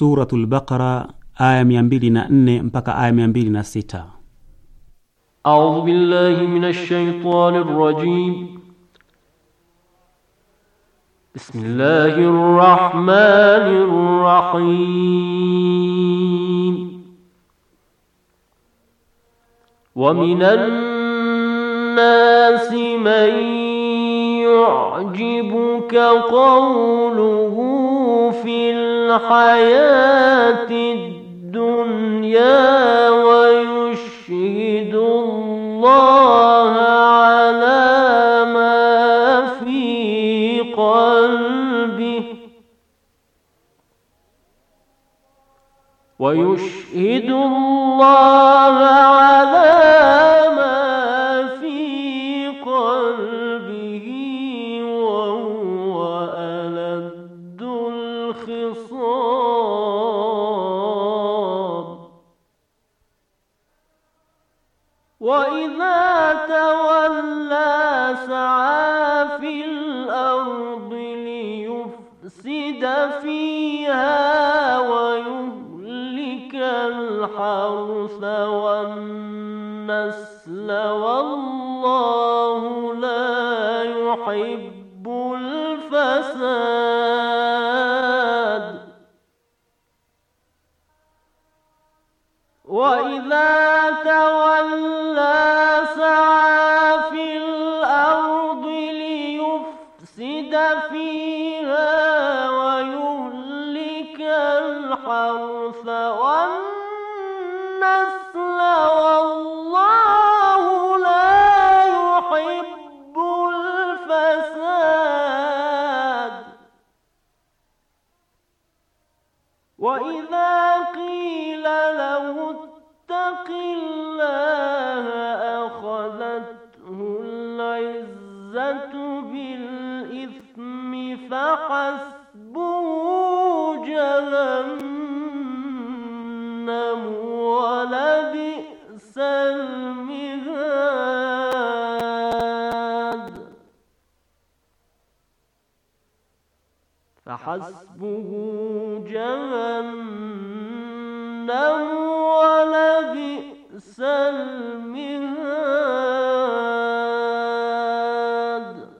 Suratul Baqara aya 204 mpaka aya 206. A'udhu billahi minash shaitanir rajim. Bismillahir rahmanir rahim. Wa minan الناس من يعجبك قوله في الحياة الدنيا ويشهد الله على ما في قلبه ويشهد الله والحرث والنسل والله لا يحب فحسبه جهنم ولبئس المهاد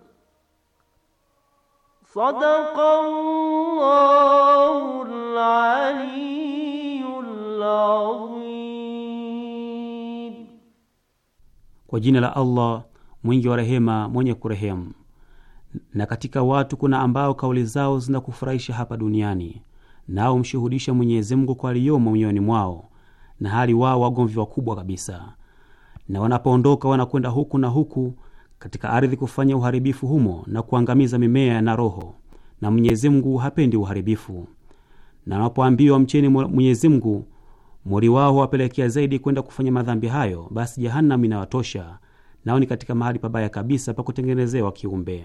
صدق الله العلي العظيم. Kwa jina la Allah mwingi wa rehema mwenye kurehemu na katika watu kuna ambao kauli zao zinakufurahisha hapa duniani, nao mshuhudisha Mwenyezi Mungu kwa aliyomo mioyoni mwao, na hali wao wagomvi wakubwa kabisa. Na wanapoondoka wanakwenda huku na huku katika ardhi kufanya uharibifu humo na kuangamiza mimea na roho, na Mwenyezi Mungu hapendi uharibifu. Na wanapoambiwa mcheni Mwenyezi Mungu, mori wao huwapelekea zaidi kwenda kufanya madhambi hayo, basi jehanamu inawatosha, nao ni katika mahali pabaya kabisa pa kutengenezewa kiumbe.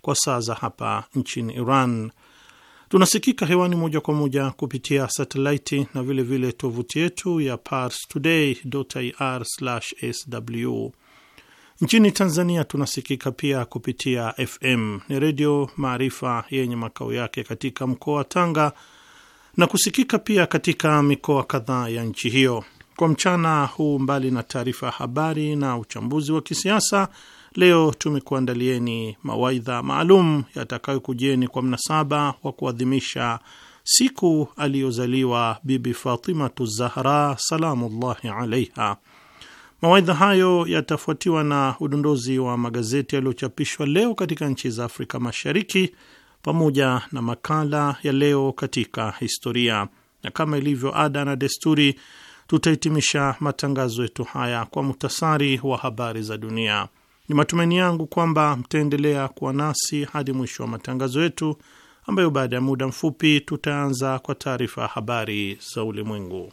kwa saa za hapa nchini Iran. Tunasikika hewani moja kwa moja kupitia satelaiti na vilevile tovuti yetu ya ir sw Nchini Tanzania tunasikika pia kupitia FM ni Redio Maarifa yenye makao yake katika mkoa wa Tanga na kusikika pia katika mikoa kadhaa ya nchi hiyo. Kwa mchana huu, mbali na taarifa ya habari na uchambuzi wa kisiasa Leo tumekuandalieni mawaidha maalum yatakayokujieni kwa mnasaba wa kuadhimisha siku aliyozaliwa Bibi Fatimatu Zahra salamullahi alaiha. Mawaidha hayo yatafuatiwa na udondozi wa magazeti yaliyochapishwa leo katika nchi za Afrika Mashariki pamoja na makala ya leo katika historia, na kama ilivyo ada na desturi, tutahitimisha matangazo yetu haya kwa muhtasari wa habari za dunia. Ni matumaini yangu kwamba mtaendelea kuwa nasi hadi mwisho wa matangazo yetu, ambayo baada ya muda mfupi tutaanza kwa taarifa ya habari za ulimwengu.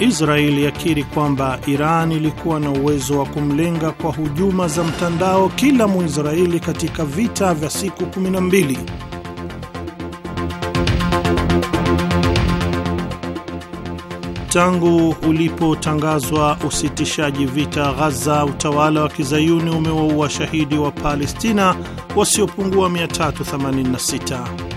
Israeli yakiri kwamba Iran ilikuwa na uwezo wa kumlenga kwa hujuma za mtandao kila Mwisraeli katika vita vya siku 12. Tangu ulipotangazwa usitishaji vita Ghaza, utawala wa kizayuni umewaua shahidi wa Palestina wasiopungua 386.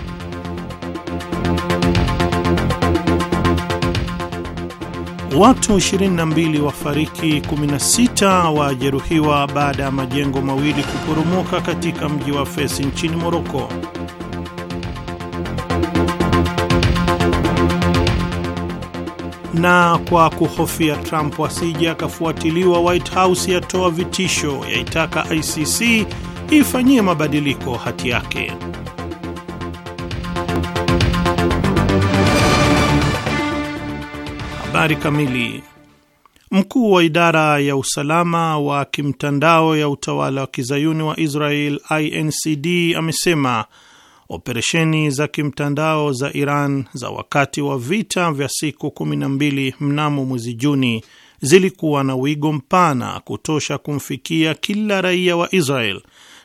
watu 22 wafariki, 16 wajeruhiwa baada ya majengo mawili kuporomoka katika mji wa Fes nchini Moroko. Na kwa kuhofia Trump asije akafuatiliwa, White House yatoa vitisho, yaitaka ICC ifanyie mabadiliko hati yake. Habari kamili. Mkuu wa idara ya usalama wa kimtandao ya utawala wa kizayuni wa Israel INCD amesema operesheni za kimtandao za Iran za wakati wa vita vya siku 12 mnamo mwezi Juni zilikuwa na wigo mpana kutosha kumfikia kila raia wa Israel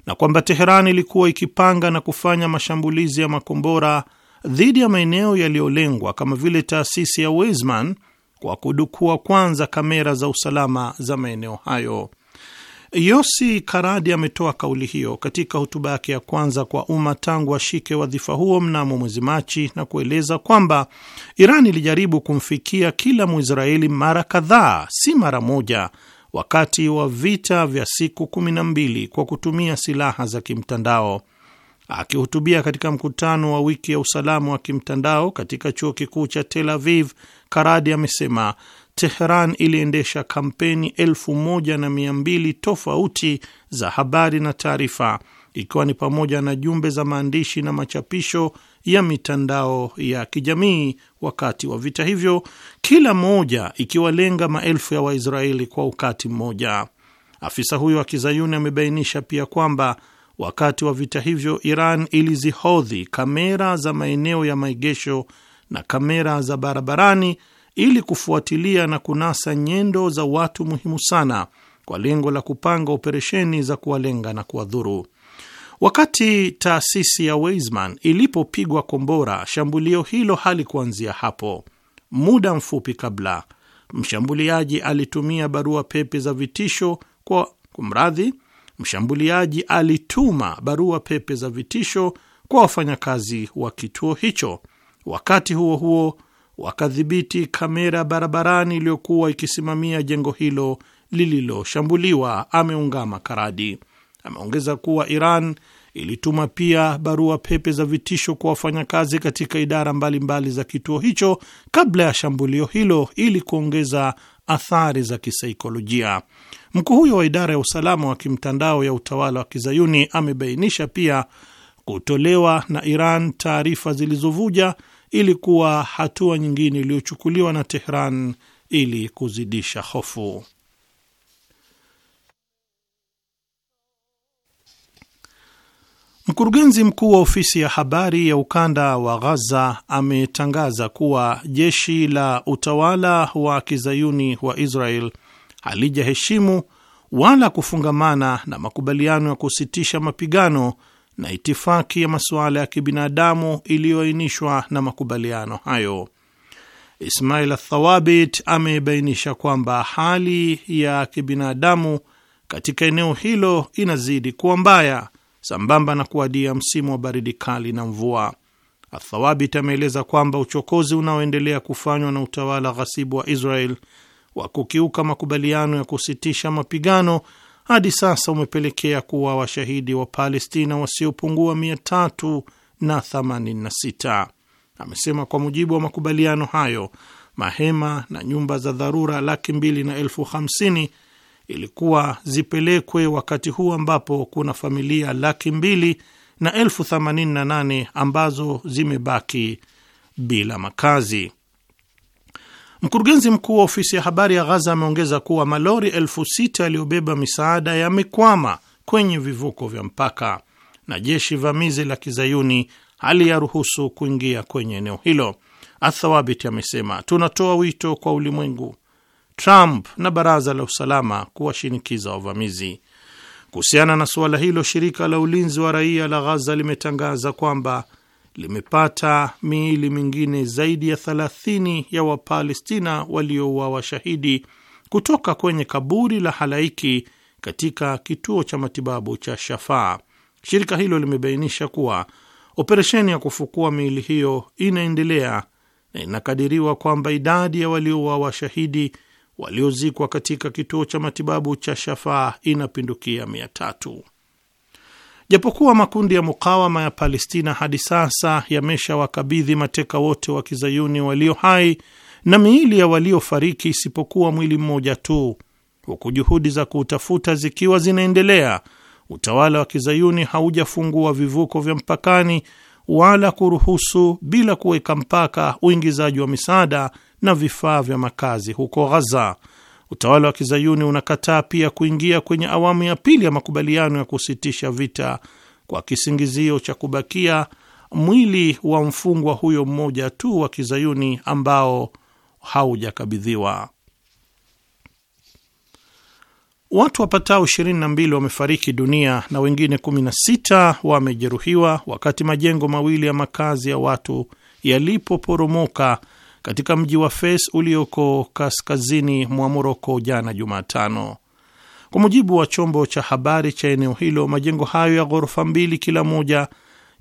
na kwamba Teheran ilikuwa ikipanga na kufanya mashambulizi ya makombora dhidi ya maeneo yaliyolengwa kama vile taasisi ya Weizmann kwa kudukua kwanza kamera za usalama za maeneo hayo. Yosi Karadi ametoa kauli hiyo katika hotuba yake ya kwanza kwa umma tangu ashike wa wadhifa huo mnamo mwezi Machi na kueleza kwamba Iran ilijaribu kumfikia kila Mwisraeli mara kadhaa, si mara moja, wakati wa vita vya siku kumi na mbili kwa kutumia silaha za kimtandao. Akihutubia katika mkutano wa wiki ya usalama wa kimtandao katika chuo kikuu cha Tel Aviv Karadi amesema Teheran iliendesha kampeni elfu moja na mia mbili tofauti za habari na taarifa, ikiwa ni pamoja na jumbe za maandishi na machapisho ya mitandao ya kijamii wakati wa vita hivyo, kila moja ikiwalenga maelfu ya Waisraeli kwa wakati mmoja. Afisa huyo wa kizayuni amebainisha pia kwamba wakati wa vita hivyo Iran ilizihodhi kamera za maeneo ya maegesho na kamera za barabarani ili kufuatilia na kunasa nyendo za watu muhimu sana kwa lengo la kupanga operesheni za kuwalenga na kuwadhuru. Wakati taasisi ya Weizmann ilipopigwa kombora, shambulio hilo halikuanzia hapo. Muda mfupi kabla, mshambuliaji alitumia barua pepe za vitisho kwa kumradhi, mshambuliaji alituma barua pepe za vitisho kwa wafanyakazi wa kituo hicho Wakati huo huo, wakadhibiti kamera barabarani iliyokuwa ikisimamia jengo hilo lililoshambuliwa, ameungama Karadi. Ameongeza kuwa Iran ilituma pia barua pepe za vitisho kwa wafanyakazi katika idara mbalimbali mbali za kituo hicho kabla ya shambulio hilo ili kuongeza athari za kisaikolojia. Mkuu huyo wa idara ya usalama wa kimtandao ya utawala wa kizayuni amebainisha pia kutolewa na Iran taarifa zilizovuja ilikuwa hatua nyingine iliyochukuliwa na Tehran ili kuzidisha hofu. Mkurugenzi mkuu wa ofisi ya habari ya ukanda wa Ghaza ametangaza kuwa jeshi la utawala wa kizayuni wa Israel halijaheshimu wala kufungamana na makubaliano ya kusitisha mapigano na itifaki ya masuala ya kibinadamu iliyoainishwa na makubaliano hayo. Ismail Athawabit amebainisha kwamba hali ya kibinadamu katika eneo hilo inazidi kuwa mbaya sambamba na kuadia msimu wa baridi kali na mvua. Athawabit ameeleza kwamba uchokozi unaoendelea kufanywa na utawala ghasibu wa Israel wa kukiuka makubaliano ya kusitisha mapigano hadi sasa umepelekea kuwa washahidi wa Palestina wasiopungua 386. Amesema kwa mujibu wa makubaliano hayo mahema na nyumba za dharura laki mbili na elfu hamsini ilikuwa zipelekwe wakati huu ambapo kuna familia laki mbili na elfu themanini na nane ambazo zimebaki bila makazi. Mkurugenzi mkuu wa ofisi ya habari ya Ghaza ameongeza kuwa malori elfu sita yaliyobeba misaada yamekwama kwenye vivuko vya mpaka na jeshi vamizi la kizayuni hali ya ruhusu kuingia kwenye eneo hilo. athawabit amesema tunatoa wito kwa ulimwengu, Trump na baraza la usalama kuwashinikiza wavamizi kuhusiana na suala hilo. Shirika la ulinzi wa raia la Ghaza limetangaza kwamba limepata miili mingine zaidi ya 30 ya Wapalestina waliouawa washahidi kutoka kwenye kaburi la halaiki katika kituo cha matibabu cha Shafaa. Shirika hilo limebainisha kuwa operesheni ya kufukua miili hiyo inaendelea na inakadiriwa kwamba idadi ya waliouawa washahidi waliozikwa katika kituo cha matibabu cha Shafaa inapindukia mia tatu. Japokuwa makundi ya mukawama ya Palestina hadi sasa yameshawakabidhi mateka wote wa kizayuni walio hai na miili ya waliofariki isipokuwa mwili mmoja tu, huku juhudi za kuutafuta zikiwa zinaendelea, utawala wa kizayuni haujafungua vivuko vya mpakani wala kuruhusu bila kuweka mpaka uingizaji wa misaada na vifaa vya makazi huko Ghaza. Utawala wa kizayuni unakataa pia kuingia kwenye awamu ya pili ya makubaliano ya kusitisha vita kwa kisingizio cha kubakia mwili wa mfungwa huyo mmoja tu wa kizayuni ambao haujakabidhiwa. Watu wapatao 22 wamefariki dunia na wengine 16 wamejeruhiwa wakati majengo mawili ya makazi ya watu yalipoporomoka katika mji wa Fes ulioko kaskazini mwa Moroko jana Jumatano. Kwa mujibu wa chombo cha habari cha eneo hilo, majengo hayo ya ghorofa mbili kila moja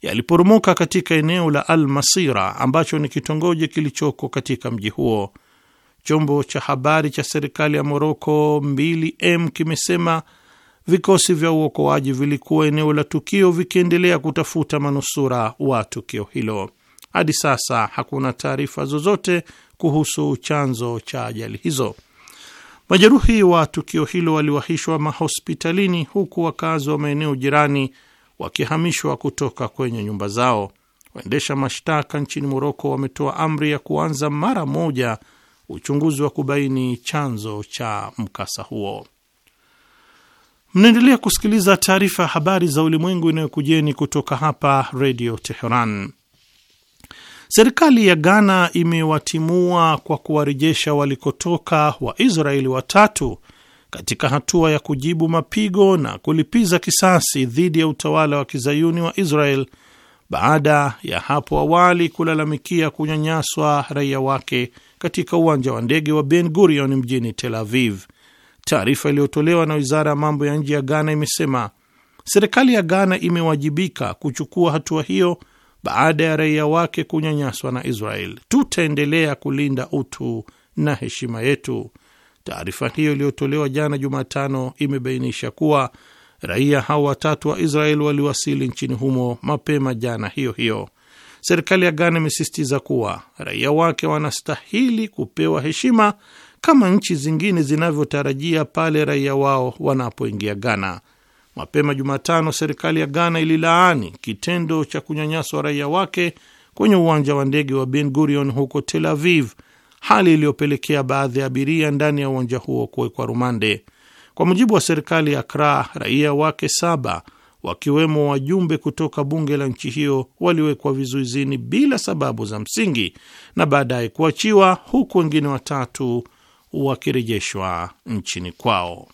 yaliporomoka katika eneo la Al Masira ambacho ni kitongoji kilichoko katika mji huo. Chombo cha habari cha serikali ya Moroko 2M kimesema vikosi vya uokoaji vilikuwa eneo la tukio vikiendelea kutafuta manusura wa tukio hilo. Hadi sasa hakuna taarifa zozote kuhusu chanzo cha ajali hizo. Majeruhi wa tukio hilo waliwahishwa mahospitalini huku wakazi wa maeneo jirani wakihamishwa kutoka kwenye nyumba zao. Waendesha mashtaka nchini Moroko wametoa amri ya kuanza mara moja uchunguzi wa kubaini chanzo cha mkasa huo. Mnaendelea kusikiliza taarifa ya habari za ulimwengu inayokujeni kutoka hapa Redio Teheran. Serikali ya Ghana imewatimua kwa kuwarejesha walikotoka Waisraeli watatu katika hatua ya kujibu mapigo na kulipiza kisasi dhidi ya utawala wa kizayuni wa Israel baada ya hapo awali kulalamikia kunyanyaswa raia wake katika uwanja wa ndege wa Ben Gurion mjini Tel Aviv. Taarifa iliyotolewa na wizara ya mambo ya nje ya Ghana imesema serikali ya Ghana imewajibika kuchukua hatua hiyo baada ya raia wake kunyanyaswa na Israel, tutaendelea kulinda utu na heshima yetu. Taarifa hiyo iliyotolewa jana Jumatano imebainisha kuwa raia hao watatu wa Israel waliwasili nchini humo mapema jana hiyo hiyo. Serikali ya Ghana imesisitiza kuwa raia wake wanastahili kupewa heshima kama nchi zingine zinavyotarajia pale raia wao wanapoingia Ghana. Mapema Jumatano, serikali ya Ghana ililaani kitendo cha kunyanyaswa raia wake kwenye uwanja wa ndege wa Ben Gurion huko Tel Aviv, hali iliyopelekea baadhi ya abiria ndani ya uwanja huo kuwekwa rumande. Kwa mujibu wa serikali ya cra raia wake saba wakiwemo wajumbe kutoka bunge la nchi hiyo waliwekwa vizuizini bila sababu za msingi na baadaye kuachiwa, huku wengine watatu wakirejeshwa nchini kwao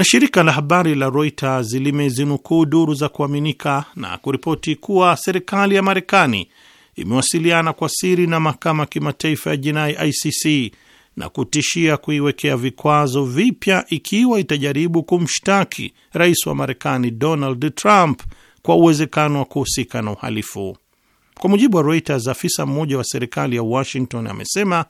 na shirika la habari la Reuters limezinukuu duru za kuaminika na kuripoti kuwa serikali ya Marekani imewasiliana kwa siri na mahakama kimataifa ya jinai ICC na kutishia kuiwekea vikwazo vipya ikiwa itajaribu kumshtaki rais wa Marekani Donald Trump kwa uwezekano wa kuhusika na uhalifu. Kwa mujibu wa Reuters, afisa mmoja wa serikali ya Washington amesema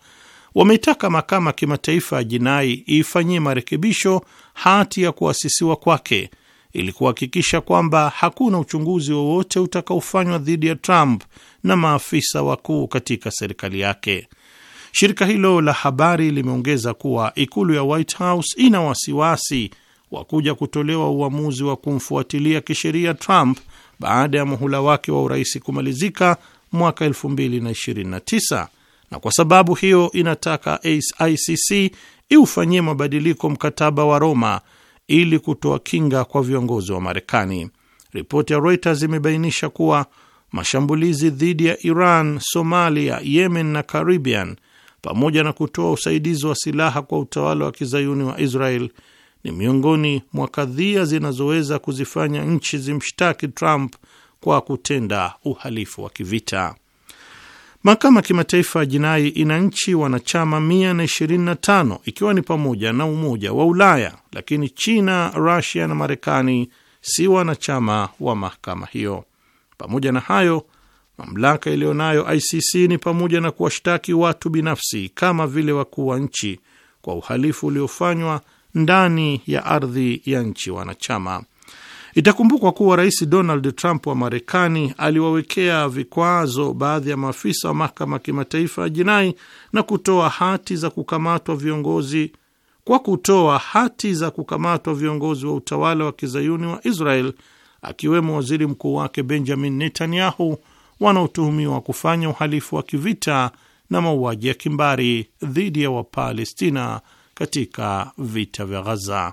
wameitaka mahakama ya kimataifa ya jinai iifanyie marekebisho hati ya kuasisiwa kwake ili kuhakikisha kwamba hakuna uchunguzi wowote utakaofanywa dhidi ya Trump na maafisa wakuu katika serikali yake. Shirika hilo la habari limeongeza kuwa ikulu ya White House ina wasiwasi wa kuja kutolewa uamuzi wa kumfuatilia kisheria Trump baada ya muhula wake wa urais kumalizika mwaka 2029 na kwa sababu hiyo inataka ICC iufanyie mabadiliko mkataba wa Roma ili kutoa kinga kwa viongozi wa Marekani. Ripoti ya Reuters imebainisha kuwa mashambulizi dhidi ya Iran, Somalia, Yemen na Caribbean pamoja na kutoa usaidizi wa silaha kwa utawala wa kizayuni wa Israel ni miongoni mwa kadhia zinazoweza kuzifanya nchi zimshtaki Trump kwa kutenda uhalifu wa kivita. Mahakama ya Kimataifa ya Jinai ina nchi wanachama 125 ikiwa ni pamoja na Umoja wa Ulaya, lakini China, Rusia na Marekani si wanachama wa mahakama hiyo. Pamoja na hayo, mamlaka iliyonayo ICC ni pamoja na kuwashtaki watu binafsi kama vile wakuu wa nchi kwa uhalifu uliofanywa ndani ya ardhi ya nchi wanachama. Itakumbukwa kuwa Rais Donald Trump wa Marekani aliwawekea vikwazo baadhi ya maafisa wa mahakama ya kimataifa ya jinai na kutoa hati za kukamatwa viongozi kwa kutoa hati za kukamatwa viongozi wa utawala wa kizayuni wa Israel akiwemo waziri mkuu wake Benjamin Netanyahu wanaotuhumiwa kufanya uhalifu wa kivita na mauaji ya kimbari dhidi ya Wapalestina katika vita vya Ghaza.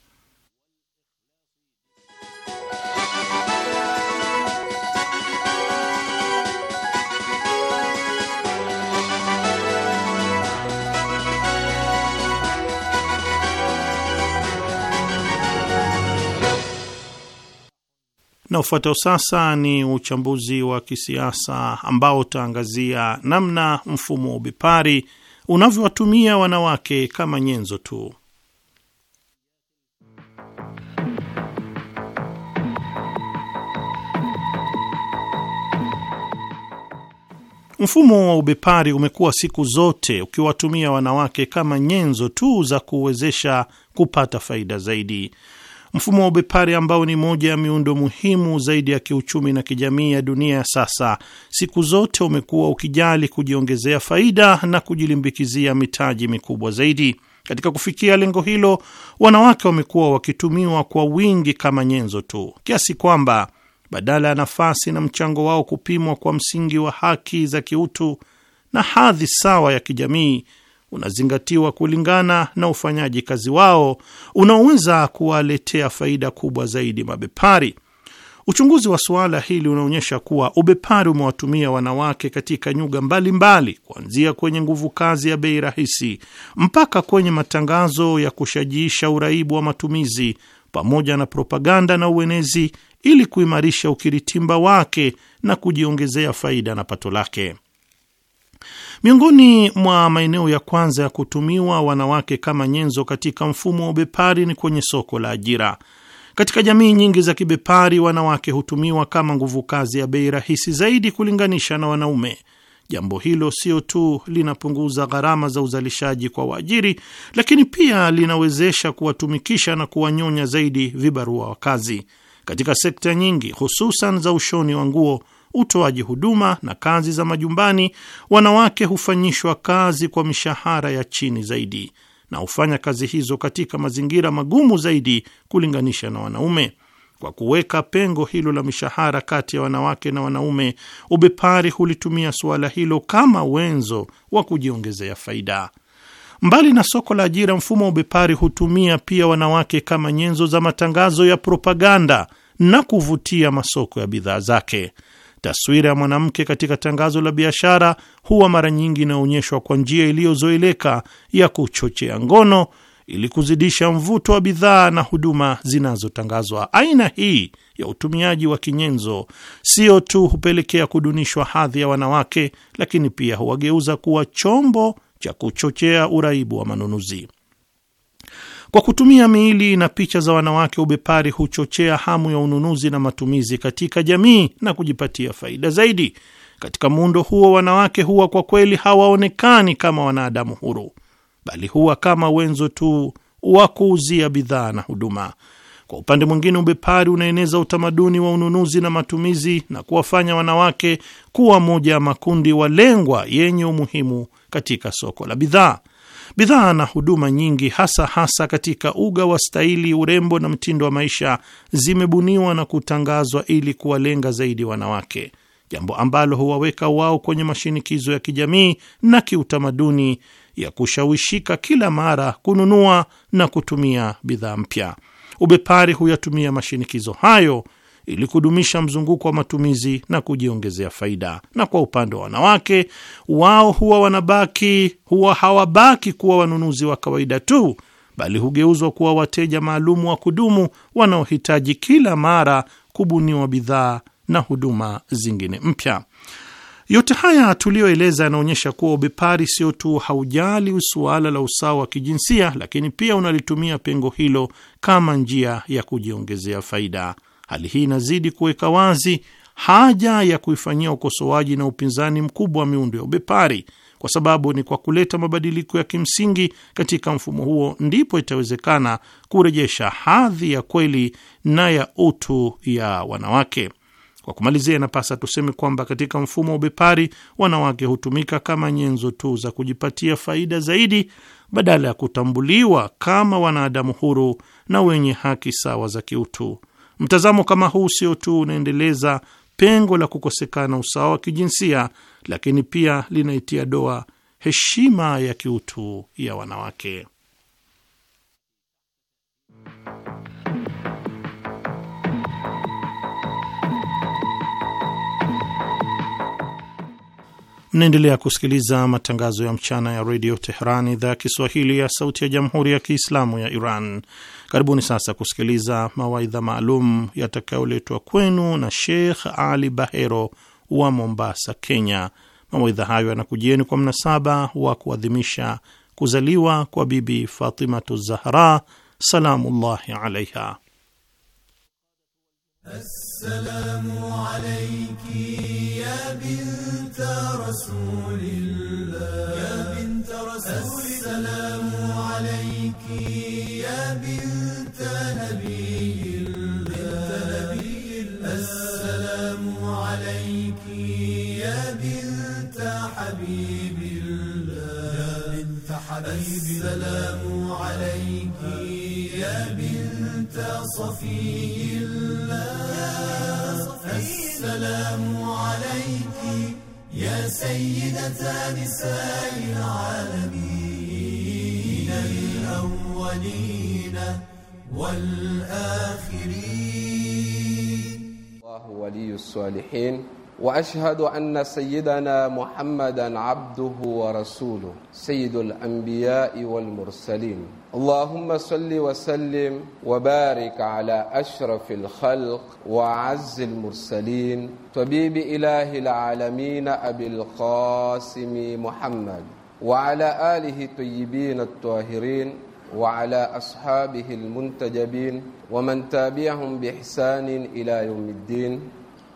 Na ufuatao sasa ni uchambuzi wa kisiasa ambao utaangazia namna mfumo wa ubepari unavyowatumia wanawake kama nyenzo tu. Mfumo wa ubepari umekuwa siku zote ukiwatumia wanawake kama nyenzo tu za kuwezesha kupata faida zaidi. Mfumo wa ubepari ambao ni moja ya miundo muhimu zaidi ya kiuchumi na kijamii ya dunia ya sasa, siku zote umekuwa ukijali kujiongezea faida na kujilimbikizia mitaji mikubwa zaidi. Katika kufikia lengo hilo, wanawake wamekuwa wakitumiwa kwa wingi kama nyenzo tu, kiasi kwamba badala ya nafasi na mchango wao kupimwa kwa msingi wa haki za kiutu na hadhi sawa ya kijamii unazingatiwa kulingana na ufanyaji kazi wao unaoweza kuwaletea faida kubwa zaidi mabepari. Uchunguzi wa suala hili unaonyesha kuwa ubepari umewatumia wanawake katika nyuga mbalimbali, kuanzia kwenye nguvu kazi ya bei rahisi mpaka kwenye matangazo ya kushajiisha uraibu wa matumizi pamoja na propaganda na uenezi, ili kuimarisha ukiritimba wake na kujiongezea faida na pato lake. Miongoni mwa maeneo ya kwanza ya kutumiwa wanawake kama nyenzo katika mfumo wa ubepari ni kwenye soko la ajira. Katika jamii nyingi za kibepari, wanawake hutumiwa kama nguvu kazi ya bei rahisi zaidi kulinganisha na wanaume. Jambo hilo sio tu linapunguza gharama za uzalishaji kwa waajiri, lakini pia linawezesha kuwatumikisha na kuwanyonya zaidi vibarua wa kazi. Katika sekta nyingi, hususan za ushoni wa nguo, utoaji huduma na kazi za majumbani, wanawake hufanyishwa kazi kwa mishahara ya chini zaidi na hufanya kazi hizo katika mazingira magumu zaidi kulinganisha na wanaume. Kwa kuweka pengo hilo la mishahara kati ya wanawake na wanaume, ubepari hulitumia suala hilo kama wenzo wa kujiongezea faida. Mbali na soko la ajira, mfumo wa ubepari hutumia pia wanawake kama nyenzo za matangazo ya propaganda na kuvutia masoko ya bidhaa zake. Taswira ya mwanamke katika tangazo la biashara huwa mara nyingi inaonyeshwa kwa njia iliyozoeleka ya kuchochea ngono ili kuzidisha mvuto wa bidhaa na huduma zinazotangazwa. Aina hii ya utumiaji wa kinyenzo sio tu hupelekea kudunishwa hadhi ya wanawake, lakini pia huwageuza kuwa chombo cha kuchochea uraibu wa manunuzi. Kwa kutumia miili na picha za wanawake, ubepari huchochea hamu ya ununuzi na matumizi katika jamii na kujipatia faida zaidi. Katika muundo huo, wanawake huwa kwa kweli hawaonekani kama wanadamu huru, bali huwa kama wenzo tu wa kuuzia bidhaa na huduma. Kwa upande mwingine, ubepari unaeneza utamaduni wa ununuzi na matumizi na kuwafanya wanawake kuwa moja ya makundi walengwa yenye umuhimu katika soko la bidhaa. Bidhaa na huduma nyingi, hasa hasa katika uga wa staili, urembo na mtindo wa maisha, zimebuniwa na kutangazwa ili kuwalenga zaidi wanawake, jambo ambalo huwaweka wao kwenye mashinikizo ya kijamii na kiutamaduni ya kushawishika kila mara kununua na kutumia bidhaa mpya. Ubepari huyatumia mashinikizo hayo ili kudumisha mzunguko wa matumizi na kujiongezea faida. Na kwa upande wa wanawake, wao huwa wanabaki, huwa hawabaki kuwa wanunuzi wa kawaida tu, bali hugeuzwa kuwa wateja maalumu wa kudumu wanaohitaji kila mara kubuniwa bidhaa na huduma zingine mpya. Yote haya tuliyoeleza yanaonyesha kuwa ubepari sio tu haujali suala la usawa wa kijinsia, lakini pia unalitumia pengo hilo kama njia ya kujiongezea faida. Hali hii inazidi kuweka wazi haja ya kuifanyia ukosoaji na upinzani mkubwa wa miundo ya ubepari, kwa sababu ni kwa kuleta mabadiliko ya kimsingi katika mfumo huo ndipo itawezekana kurejesha hadhi ya kweli na ya utu ya wanawake. Kwa kumalizia, inapasa tuseme kwamba katika mfumo wa ubepari wanawake hutumika kama nyenzo tu za kujipatia faida zaidi badala ya kutambuliwa kama wanadamu huru na wenye haki sawa za kiutu. Mtazamo kama huu sio tu unaendeleza pengo la kukosekana usawa wa kijinsia, lakini pia linaitia doa heshima ya kiutu ya wanawake. Mnaendelea kusikiliza matangazo ya mchana ya redio Teheran, idhaa ya Kiswahili ya sauti ya jamhuri ya kiislamu ya Iran. Karibuni sasa kusikiliza mawaidha maalum yatakayoletwa kwenu na Sheikh Ali Bahero wa Mombasa, Kenya. Mawaidha hayo yanakujieni kwa mnasaba wa kuadhimisha kuzaliwa kwa Bibi Fatimatu Zahra salamullahi alaiha. Assalamu alayki ya binta rasulillah, ya binta rasulillah, assalamu alayki السلام عليك يا بنت صفي الله السلام عليك يا سيدة نساء العالمين الأولين والآخرين الله ولي الصالحين واشهد ان سيدنا محمدا عبده ورسوله سيد الانبياء والمرسلين اللهم صل وسلم وبارك على اشرف الخلق وعز المرسلين طبيب اله العالمين ابي القاسم محمد وعلى اله الطيبين الطاهرين وعلى اصحابه المنتجبين ومن تابعهم باحسان الى يوم الدين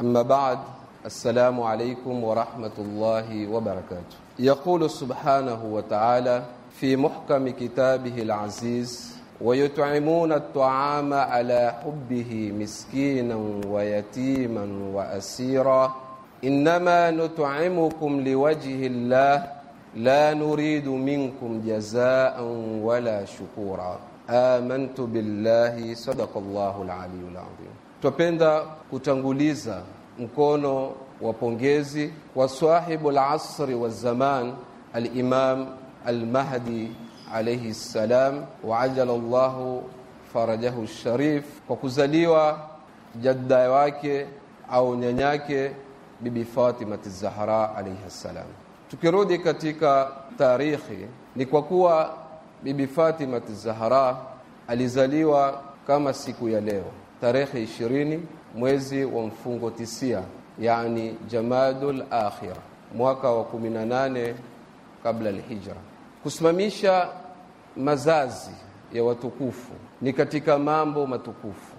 اما بعد السلام عليكم ورحمة الله وبركاته يقول سبحانه وتعالى في محكم كتابه العزيز ويطعمون الطعام على حبه مسكينا ويتيما وأسيرا إنما نطعمكم لوجه الله لا نريد منكم جزاء ولا شكورا آمنت بالله صدق الله العلي العظيم tupenda kutanguliza mkono wa pongezi kwa sahibu al-asri wa zaman al-Imam al-Mahdi alayhi salam wa ajala farajahu sharif, kwa kuzaliwa jadda wake au nyanyake Bibi Fatima az-Zahra alayha salam. Tukirudi katika tarikhi, ni kwa kuwa Bibi Fatima az-Zahra alizaliwa kama siku ya leo tarehe mwezi wa mfungo tisia yani Jamadul Akhir mwaka wa 18 kabla alhijra. Kusimamisha mazazi ya watukufu ni katika mambo matukufu,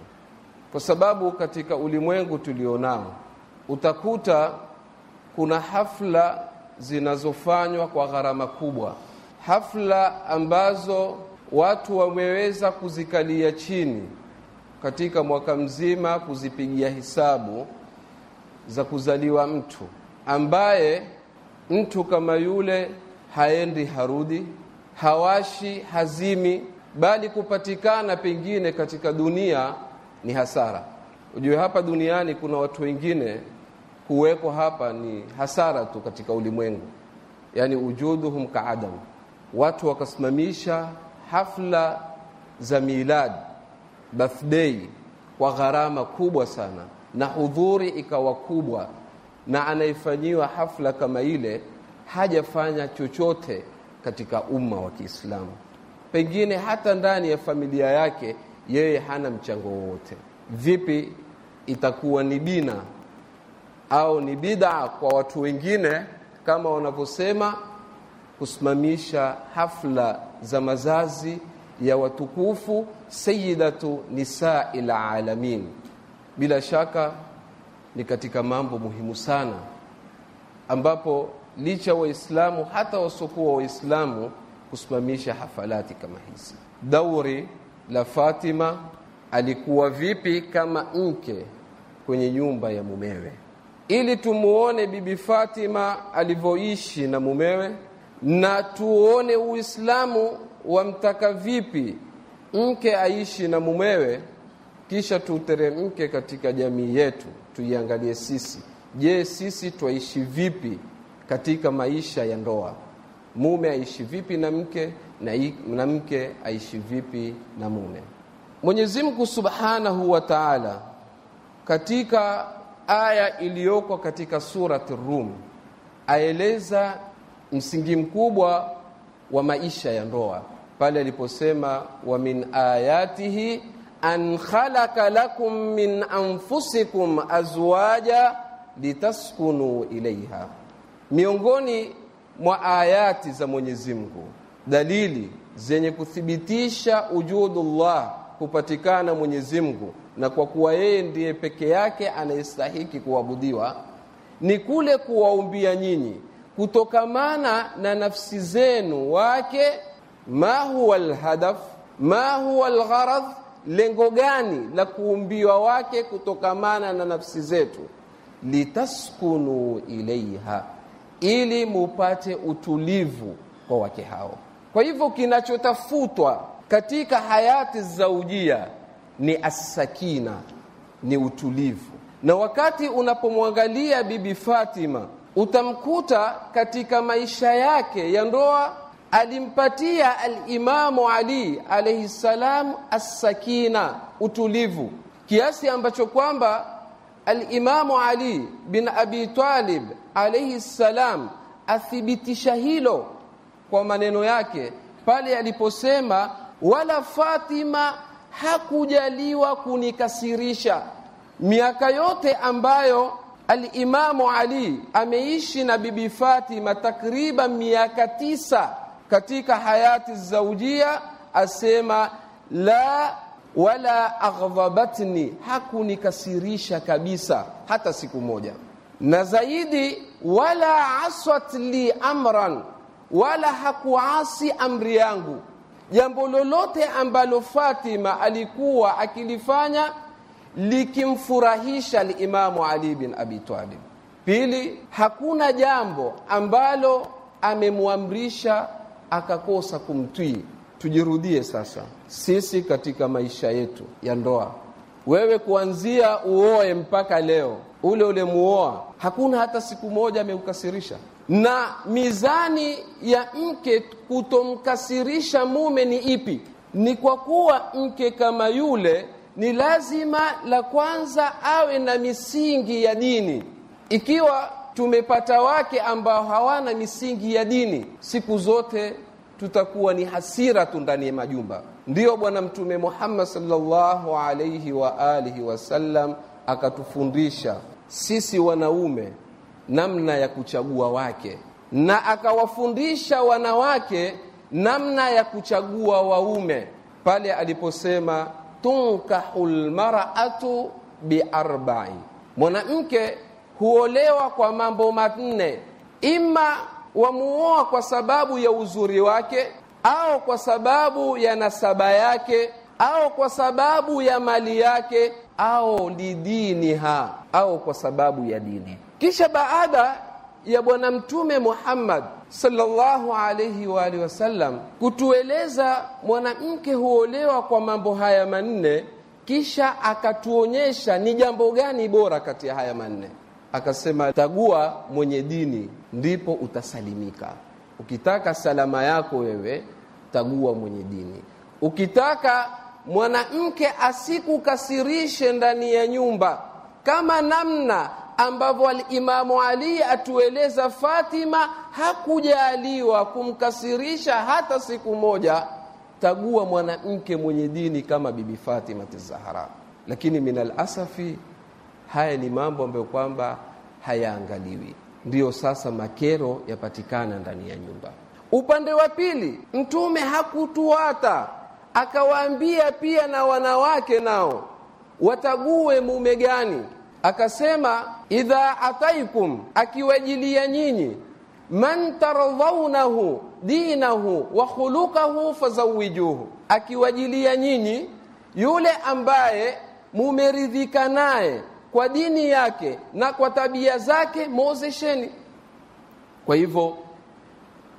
kwa sababu katika ulimwengu tulionao utakuta kuna hafla zinazofanywa kwa gharama kubwa, hafla ambazo watu wameweza kuzikalia chini katika mwaka mzima kuzipigia hisabu za kuzaliwa mtu ambaye mtu kama yule haendi harudi hawashi hazimi bali kupatikana pengine katika dunia ni hasara ujue hapa duniani kuna watu wengine kuwekwa hapa ni hasara tu katika ulimwengu yani ujuduhum kaadam watu wakasimamisha hafla za miladi birthday kwa gharama kubwa sana na hudhuri ikawa kubwa, na anayefanyiwa hafla kama ile hajafanya chochote katika umma wa Kiislamu, pengine hata ndani ya familia yake yeye hana mchango wowote. Vipi itakuwa ni bina au ni bidaa kwa watu wengine kama wanavyosema kusimamisha hafla za mazazi ya watukufu sayyidatu nisa'il alamin bila shaka ni katika mambo muhimu sana ambapo licha waislamu hata wasiokuwa waislamu kusimamisha hafalati kama hizi dauri la Fatima alikuwa vipi kama mke kwenye nyumba ya mumewe ili tumuone bibi Fatima alivyoishi na mumewe na tuone Uislamu wamtaka vipi mke aishi na mumewe kisha mke katika jamii yetu tuiangalie sisi je sisi twaishi vipi katika maisha ya ndoa mume aishi vipi na mke na, na mke aishi vipi na mume Mwenyezi Mungu Subhanahu wa Ta'ala katika aya iliyoko katika surati Rum aeleza msingi mkubwa wa maisha ya ndoa pale aliposema wa min ayatihi an khalaqa lakum min anfusikum azwaja litaskunu ilaiha, miongoni mwa ayati za Mwenyezi Mungu, dalili zenye kuthibitisha ujudullah, kupatikana Mwenyezi Mungu, na kwa kuwa yeye ndiye peke yake anayestahiki kuabudiwa, ni kule kuwaumbia nyinyi kutokamana na nafsi zenu wake ma huwa alhadaf, ma huwa algharadh, lengo gani la kuumbiwa wake kutokamana na nafsi zetu? Litaskunu ilaiha, ili mupate utulivu kwa wake hao. Kwa hivyo kinachotafutwa katika hayati zaujia ni assakina, ni utulivu. Na wakati unapomwangalia Bibi Fatima utamkuta katika maisha yake ya ndoa alimpatia alimamu Ali alaihi salam assakina utulivu kiasi ambacho kwamba alimamu Ali bin Abi Talib alaihi salam athibitisha hilo kwa maneno yake pale aliposema wala Fatima hakujaliwa kunikasirisha miaka yote ambayo alimamu Ali ameishi na bibi Fatima takriban miaka tisa katika hayati zaujia asema la wala aghdhabatni, hakunikasirisha kabisa hata siku moja. Na zaidi wala aswat li amran, wala hakuasi amri yangu. Jambo lolote ambalo Fatima alikuwa akilifanya likimfurahisha limamu Ali bin Abi Talib. Pili, hakuna jambo ambalo amemwamrisha akakosa kumtwii. Tujirudie sasa sisi katika maisha yetu ya ndoa. Wewe kuanzia uoe mpaka leo, ule ulemuoa hakuna hata siku moja ameukasirisha. Na mizani ya mke kutomkasirisha mume ni ipi? Ni kwa kuwa mke kama yule ni lazima la kwanza awe na misingi ya dini. Ikiwa tumepata wake ambao hawana misingi ya dini, siku zote tutakuwa ni hasira tu ndani ya majumba. Ndiyo Bwana Mtume Muhammad sallallahu alaihi wa alihi wasallam akatufundisha sisi wanaume namna ya kuchagua wake, na akawafundisha wanawake namna ya kuchagua waume pale aliposema tunkahu lmaratu biarbai, mwanamke huolewa kwa mambo manne, ima wamuoa kwa sababu ya uzuri wake, au kwa sababu ya nasaba yake, au kwa sababu ya mali yake, au lidiniha, au kwa sababu ya dini. Kisha baada ya Bwana Mtume Muhammad sallallahu wa alihi wasallam kutueleza mwanamke huolewa kwa mambo haya manne, kisha akatuonyesha ni jambo gani bora kati ya haya manne akasema, tagua mwenye dini ndipo utasalimika. Ukitaka salama yako wewe, tagua mwenye dini. Ukitaka mwanamke asikukasirishe ndani ya nyumba, kama namna ambavyo alimamu Ali atueleza Fatima hakujaliwa kumkasirisha hata siku moja. tagua mwanamke mwenye dini kama Bibi Fatima tizahara lakini min alasafi haya ni mambo ambayo kwamba hayaangaliwi, ndiyo sasa makero yapatikana ndani ya nyumba. Upande wa pili, Mtume hakutuata akawaambia pia na wanawake nao watague mume gani. Akasema idha ataikum, akiwajilia nyinyi, man tardhaunahu dinahu wa khulukahu fazawijuhu, akiwajilia nyinyi yule ambaye mumeridhika naye kwa dini yake na kwa tabia zake muozesheni kwa hivyo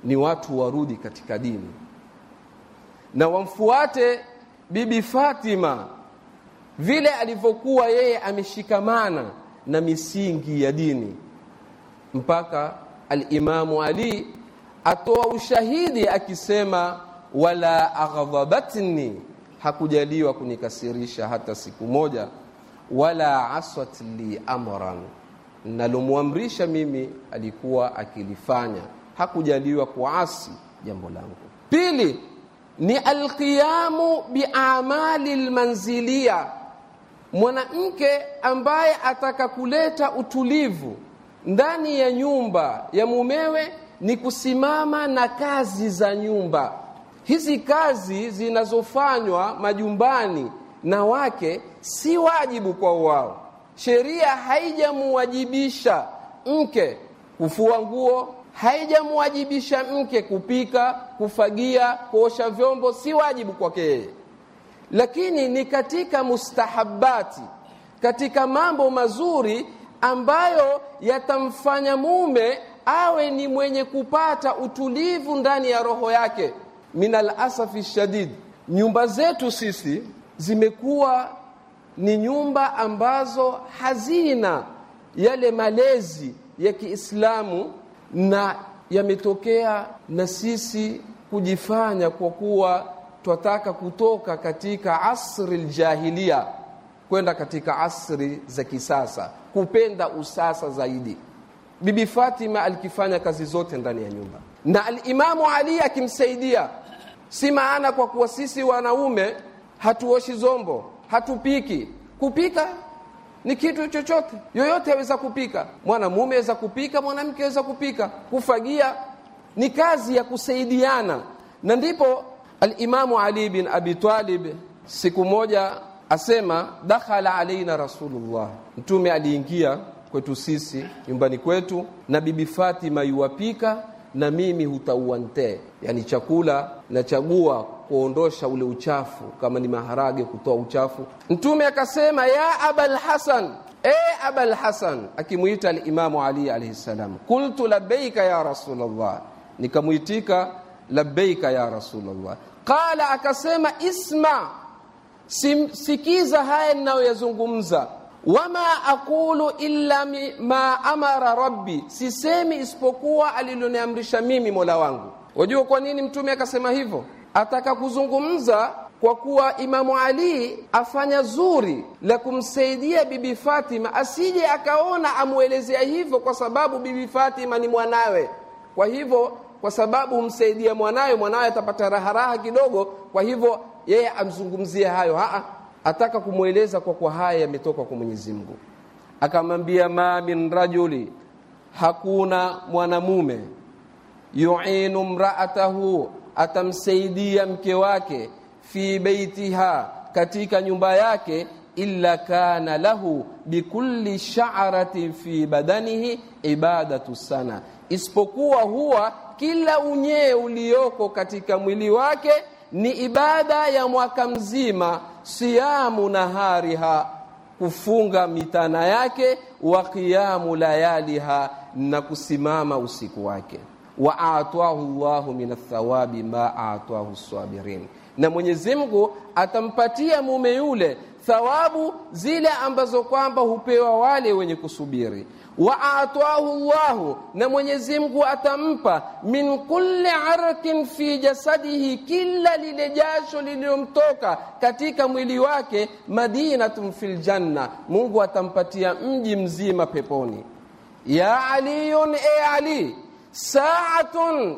ni watu warudi katika dini na wamfuate bibi Fatima vile alivyokuwa yeye ameshikamana na misingi ya dini mpaka alimamu Ali atoa ushahidi akisema wala aghadhabatni hakujaliwa kunikasirisha hata siku moja wala aswat li amran, nalomwamrisha mimi alikuwa akilifanya, hakujaliwa kuasi jambo langu. Pili ni alqiyamu biamali lmanzilia, mwanamke ambaye ataka kuleta utulivu ndani ya nyumba ya mumewe ni kusimama na kazi za nyumba. Hizi kazi zinazofanywa majumbani na wake si wajibu kwa wao. Sheria haijamuwajibisha mke kufua nguo, haijamuwajibisha mke kupika, kufagia, kuosha vyombo, si wajibu kwake yeye, lakini ni katika mustahabati, katika mambo mazuri ambayo yatamfanya mume awe ni mwenye kupata utulivu ndani ya roho yake. Minal asafi shadid, nyumba zetu sisi zimekuwa ni nyumba ambazo hazina yale malezi ya Kiislamu na yametokea na sisi kujifanya kwa kuwa twataka kutoka katika asri ljahilia kwenda katika asri za kisasa, kupenda usasa zaidi. Bibi Fatima alikifanya kazi zote ndani ya nyumba na Alimamu Ali akimsaidia. Si maana kwa kuwa sisi wanaume hatuoshi zombo, hatupiki. Kupika ni kitu chochote, yoyote aweza kupika, mwanamume aweza kupika, mwanamke aweza kupika. Kufagia ni kazi ya kusaidiana, na ndipo Alimamu Ali bin Abi Talib siku moja asema, dakhala alaina Rasulullah, Mtume aliingia kwetu sisi nyumbani kwetu, na Bibi Fatima yuwapika na mimi hutaua ntee Yani chakula nachagua kuondosha ule uchafu, kama ni maharage kutoa uchafu. Mtume akasema ya abal hasan, e abal hasan, akimwita alimamu Ali alaihi salam. Kultu labbeika ya llah nikamwitika labbeika ya llah Qala, akasema isma, sim, sikiza haya ninayoyazungumza wama aqulu illa ma amara rabbi, sisemi isipokuwa aliloniamrisha mimi mola wangu. Wajua kwa nini mtume akasema hivyo? Ataka kuzungumza kwa kuwa Imamu Ali afanya zuri la kumsaidia Bibi Fatima, asije akaona amwelezea hivyo kwa sababu Bibi Fatima ni mwanawe. Kwa hivyo, kwa sababu humsaidia mwanawe, mwanawe atapata raharaha kidogo, kwa hivyo yeye amzungumzie hayo. aa ataka kumweleza kwa kwa haya yametoka kwa Mwenyezi Mungu akamwambia ma min rajuli hakuna mwanamume yu'inu mra'atahu atamsaidia mke wake fi baitiha katika nyumba yake illa kana lahu bikulli sha'ratin fi badanihi ibadatu sana isipokuwa huwa kila unyee ulioko katika mwili wake ni ibada ya mwaka mzima siyamu nahariha kufunga mitana yake wa qiyamu layaliha na kusimama usiku wake wa atwahu llahu min athawabi ma atwahu sabirin na mwenyezi mungu atampatia mume yule thawabu zile ambazo kwamba hupewa wale wenye kusubiri wa aatwahu llahu, na Mwenyezi Mungu atampa min kulli arkin fi jasadihi, kila lile jasho lililomtoka katika mwili wake, madinatun fil janna, Mungu atampatia mji mzima peponi. Ya aliyun, e Ali, saatun,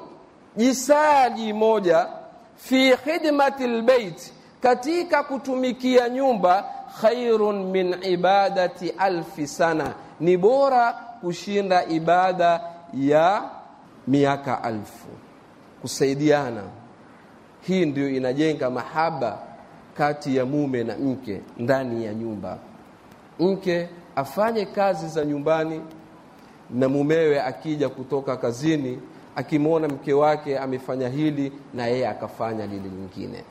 jisali moja, fi khidmati lbeit, katika kutumikia nyumba, khairun min ibadati alfi sana ni bora kushinda ibada ya miaka alfu. Kusaidiana, hii ndio inajenga mahaba kati ya mume na mke ndani ya nyumba. Mke afanye kazi za nyumbani na mumewe akija kutoka kazini akimwona mke wake amefanya hili na yeye akafanya lile lingine.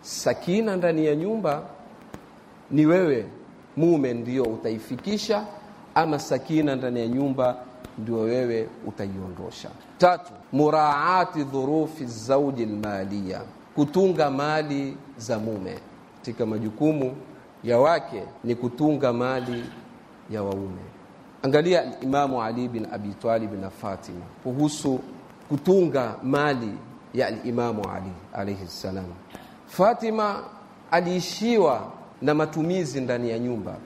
Sakina ndani ya nyumba ni wewe mume, ndio utaifikisha ama sakina ndani ya nyumba ndio wewe utaiondosha. Tatu, muraati dhurufi zauji lmalia, kutunga mali za mume. Katika majukumu ya wake ni kutunga mali ya waume. Angalia alimamu Ali bin Abi Talib na Fatima kuhusu kutunga mali ya alimamu Ali alaihi ssalam. Fatima aliishiwa na matumizi ndani ya nyumba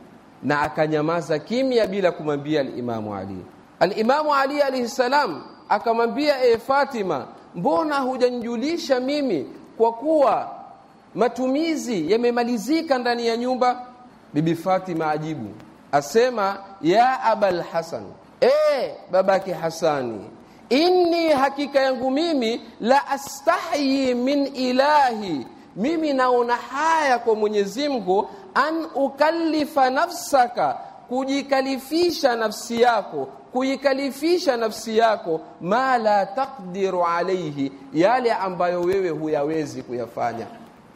na akanyamaza kimya bila kumwambia alimamu Ali. Alimamu Ali alaihi salam akamwambia, e Fatima, mbona hujanjulisha mimi kwa kuwa matumizi yamemalizika ndani ya nyumba? Bibi Fatima ajibu asema, ya abal Hasan, e babake Hasani, inni hakika yangu mimi la astahyi min ilahi mimi naona haya kwa Mwenyezi Mungu, an ukallifa nafsaka, kujikalifisha nafsi yako, kuikalifisha nafsi yako, ma la takdiru alaihi, yale ambayo wewe huyawezi kuyafanya.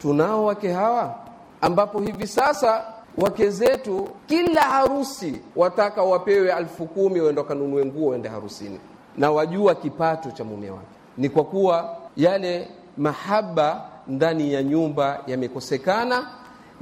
Tunao wake hawa, ambapo hivi sasa wake zetu kila harusi wataka wapewe alfu kumi waende wakanunue nguo waende harusini, na wajua kipato cha mume wake ni kwa kuwa yale mahaba ndani ya nyumba yamekosekana.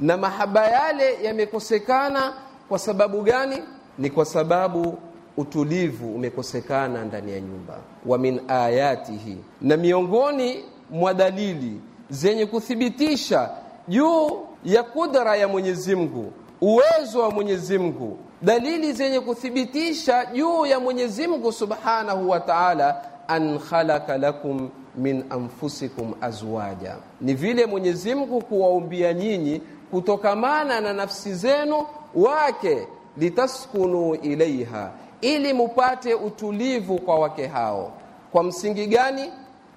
Na mahaba yale yamekosekana kwa sababu gani? Ni kwa sababu utulivu umekosekana ndani ya nyumba. Wa min ayatihi, na miongoni mwa dalili zenye kuthibitisha juu ya kudra ya Mwenyezi Mungu, uwezo wa Mwenyezi Mungu, dalili zenye kuthibitisha juu ya Mwenyezi Mungu subhanahu wa taala, an khalaka lakum min anfusikum azwaja, ni vile Mwenyezi Mungu kuwaumbia nyinyi kutokamana na nafsi zenu wake, litaskunu ilaiha, ili mupate utulivu kwa wake hao. Kwa msingi gani?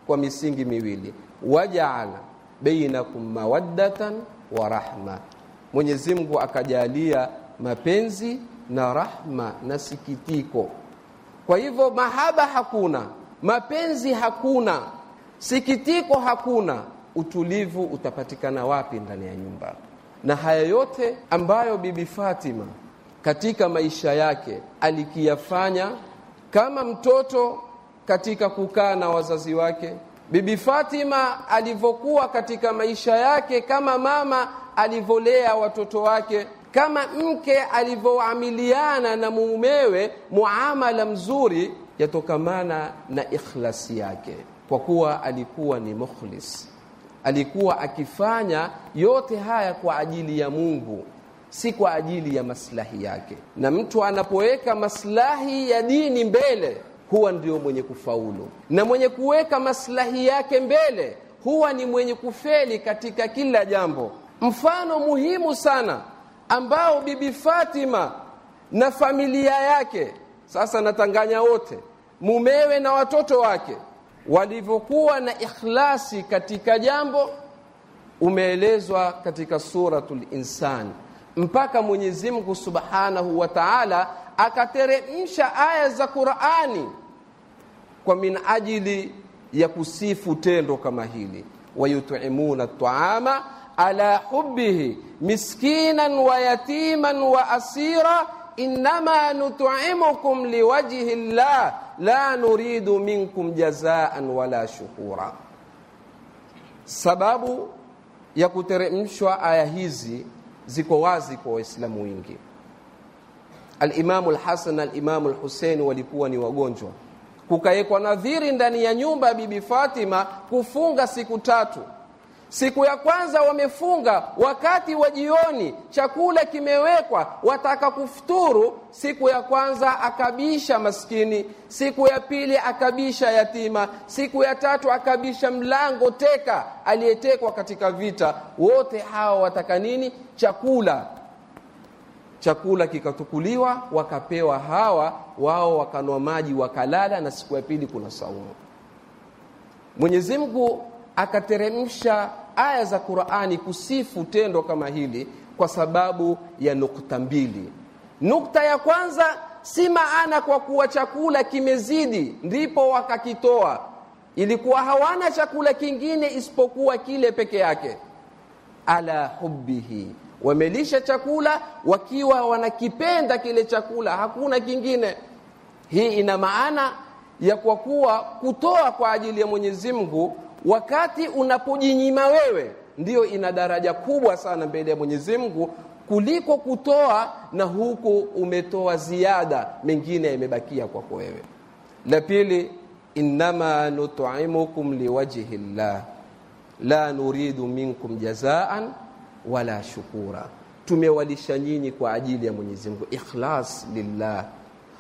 Kwa misingi miwili, wajaala bainakum mawaddatan wa rahma, Mwenyezi Mungu akajalia mapenzi na rahma na sikitiko. Kwa hivyo mahaba hakuna, mapenzi hakuna sikitiko hakuna, utulivu utapatikana wapi ndani ya nyumba? Na haya yote ambayo Bibi Fatima katika maisha yake alikiyafanya kama mtoto katika kukaa na wazazi wake. Bibi Fatima alivyokuwa katika maisha yake kama mama alivyolea watoto wake, kama mke alivyoamiliana na mumewe muamala mzuri, yatokamana na ikhlasi yake kwa kuwa alikuwa ni mukhlis, alikuwa akifanya yote haya kwa ajili ya Mungu, si kwa ajili ya maslahi yake. Na mtu anapoweka maslahi ya dini mbele huwa ndio mwenye kufaulu, na mwenye kuweka maslahi yake mbele huwa ni mwenye kufeli katika kila jambo. Mfano muhimu sana ambao Bibi Fatima na familia yake, sasa natanganya wote, mumewe na watoto wake walivyokuwa na ikhlasi katika jambo umeelezwa katika suratul insani mpaka Mwenyezi Mungu Subhanahu wa Ta'ala akateremsha aya za Qur'ani kwa min ajili ya kusifu tendo kama hili wayut'imuna taama ala hubbihi miskinan wa yatiman wa asira innama nut'imukum liwajhi llah la nuridu minkum jazaan wala shukura. Sababu ya kuteremshwa aya hizi ziko wazi kwa Waislamu wengi. Alimamu Alhasan, Alimamu Alhusein walikuwa ni wagonjwa, kukawekwa nadhiri ndani ya nyumba ya Bibi Fatima kufunga siku tatu Siku ya kwanza wamefunga, wakati wa jioni chakula kimewekwa, wataka kufuturu. Siku ya kwanza akabisha maskini, siku ya pili akabisha yatima, siku ya tatu akabisha mlango teka aliyetekwa katika vita. Wote hawa wataka nini? Chakula. Chakula kikatukuliwa, wakapewa hawa, wao wakanwa maji, wakalala, na siku ya pili kuna saumu. Mwenyezi Mungu akateremsha aya za Qur'ani kusifu tendo kama hili kwa sababu ya nukta mbili. Nukta ya kwanza si maana kwa kuwa chakula kimezidi ndipo wakakitoa, ilikuwa hawana chakula kingine isipokuwa kile peke yake. Ala hubbihi, wamelisha chakula wakiwa wanakipenda kile chakula, hakuna kingine. Hii ina maana ya kwa kuwa kutoa kwa ajili ya Mwenyezi Mungu Wakati unapojinyima wewe, ndiyo ina daraja kubwa sana mbele ya Mwenyezi Mungu kuliko kutoa na huku umetoa ziada, mengine yamebakia kwako wewe. La pili, innama nut'imukum liwajhi llah la nuridu minkum jazaan wala shukura, tumewalisha nyinyi kwa ajili ya Mwenyezi Mungu, ikhlas lillah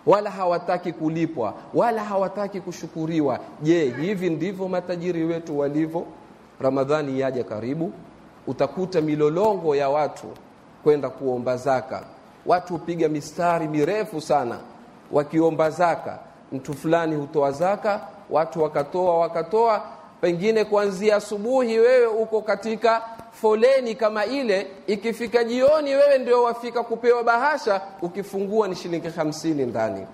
wala hawataki kulipwa wala hawataki kushukuriwa je hivi ndivyo matajiri wetu walivyo ramadhani yaja karibu utakuta milolongo ya watu kwenda kuomba zaka watu hupiga mistari mirefu sana wakiomba zaka mtu fulani hutoa zaka watu wakatoa wakatoa pengine kuanzia asubuhi wewe uko katika foleni kama ile, ikifika jioni wewe ndio wafika kupewa bahasha, ukifungua ni shilingi hamsini ndani.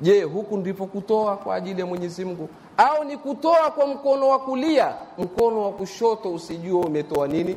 Je, huku ndipo kutoa kwa ajili ya Mwenyezi Mungu au ni kutoa kwa mkono wa kulia, mkono wa kushoto usijua umetoa nini?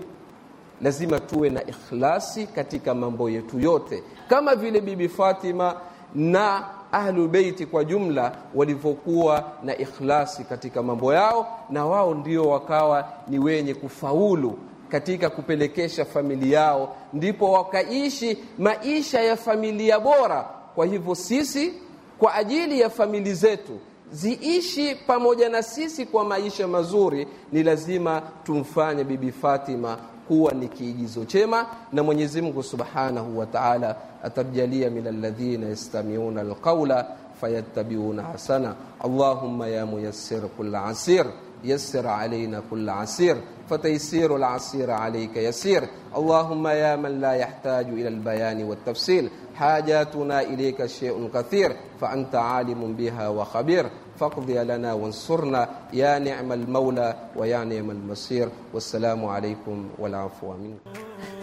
Lazima tuwe na ikhlasi katika mambo yetu yote, kama vile Bibi Fatima na ahlu beiti kwa jumla walivyokuwa na ikhlasi katika mambo yao, na wao ndio wakawa ni wenye kufaulu katika kupelekesha familia yao, ndipo wakaishi maisha ya familia bora. Kwa hivyo sisi kwa ajili ya famili zetu ziishi pamoja na sisi kwa maisha mazuri, ni lazima tumfanye Bibi Fatima kuwa ni kiigizo chema na Mwenyezi Mungu Subhanahu wa Ta'ala atarjalia min alladhina yastami'una alqawla fayattabi'una hasana Allahumma ya muyassir kull asir yassir علينا kull asir فتيسير العسير عليك يسير اللهم يا من لا يحتاج إلى البيان والتفصيل حاجاتنا إليك شيء كثير فأنت عالم بها وخبير فاقضي لنا وانصرنا يا نعم المولى ويا نعم المصير والسلام عليكم والعفو منكم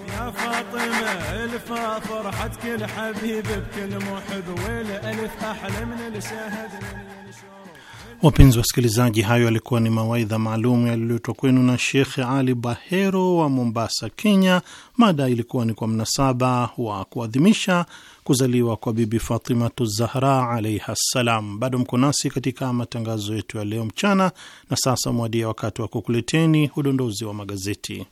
يا فاطمة الفا فرحتك الحبيب بكل محب والألف أحلى من الشاهد Wapenzi wasikilizaji, hayo yalikuwa ni mawaidha maalum yaliyoletwa kwenu na shekhe Ali Bahero wa Mombasa, Kenya. Mada ilikuwa ni kwa mnasaba wa kuadhimisha kuzaliwa kwa Bibi Fatimatu Zahra alaiha ssalam. Bado mko nasi katika matangazo yetu ya leo mchana, na sasa mwadia wakati wa kukuleteni udondozi wa magazeti.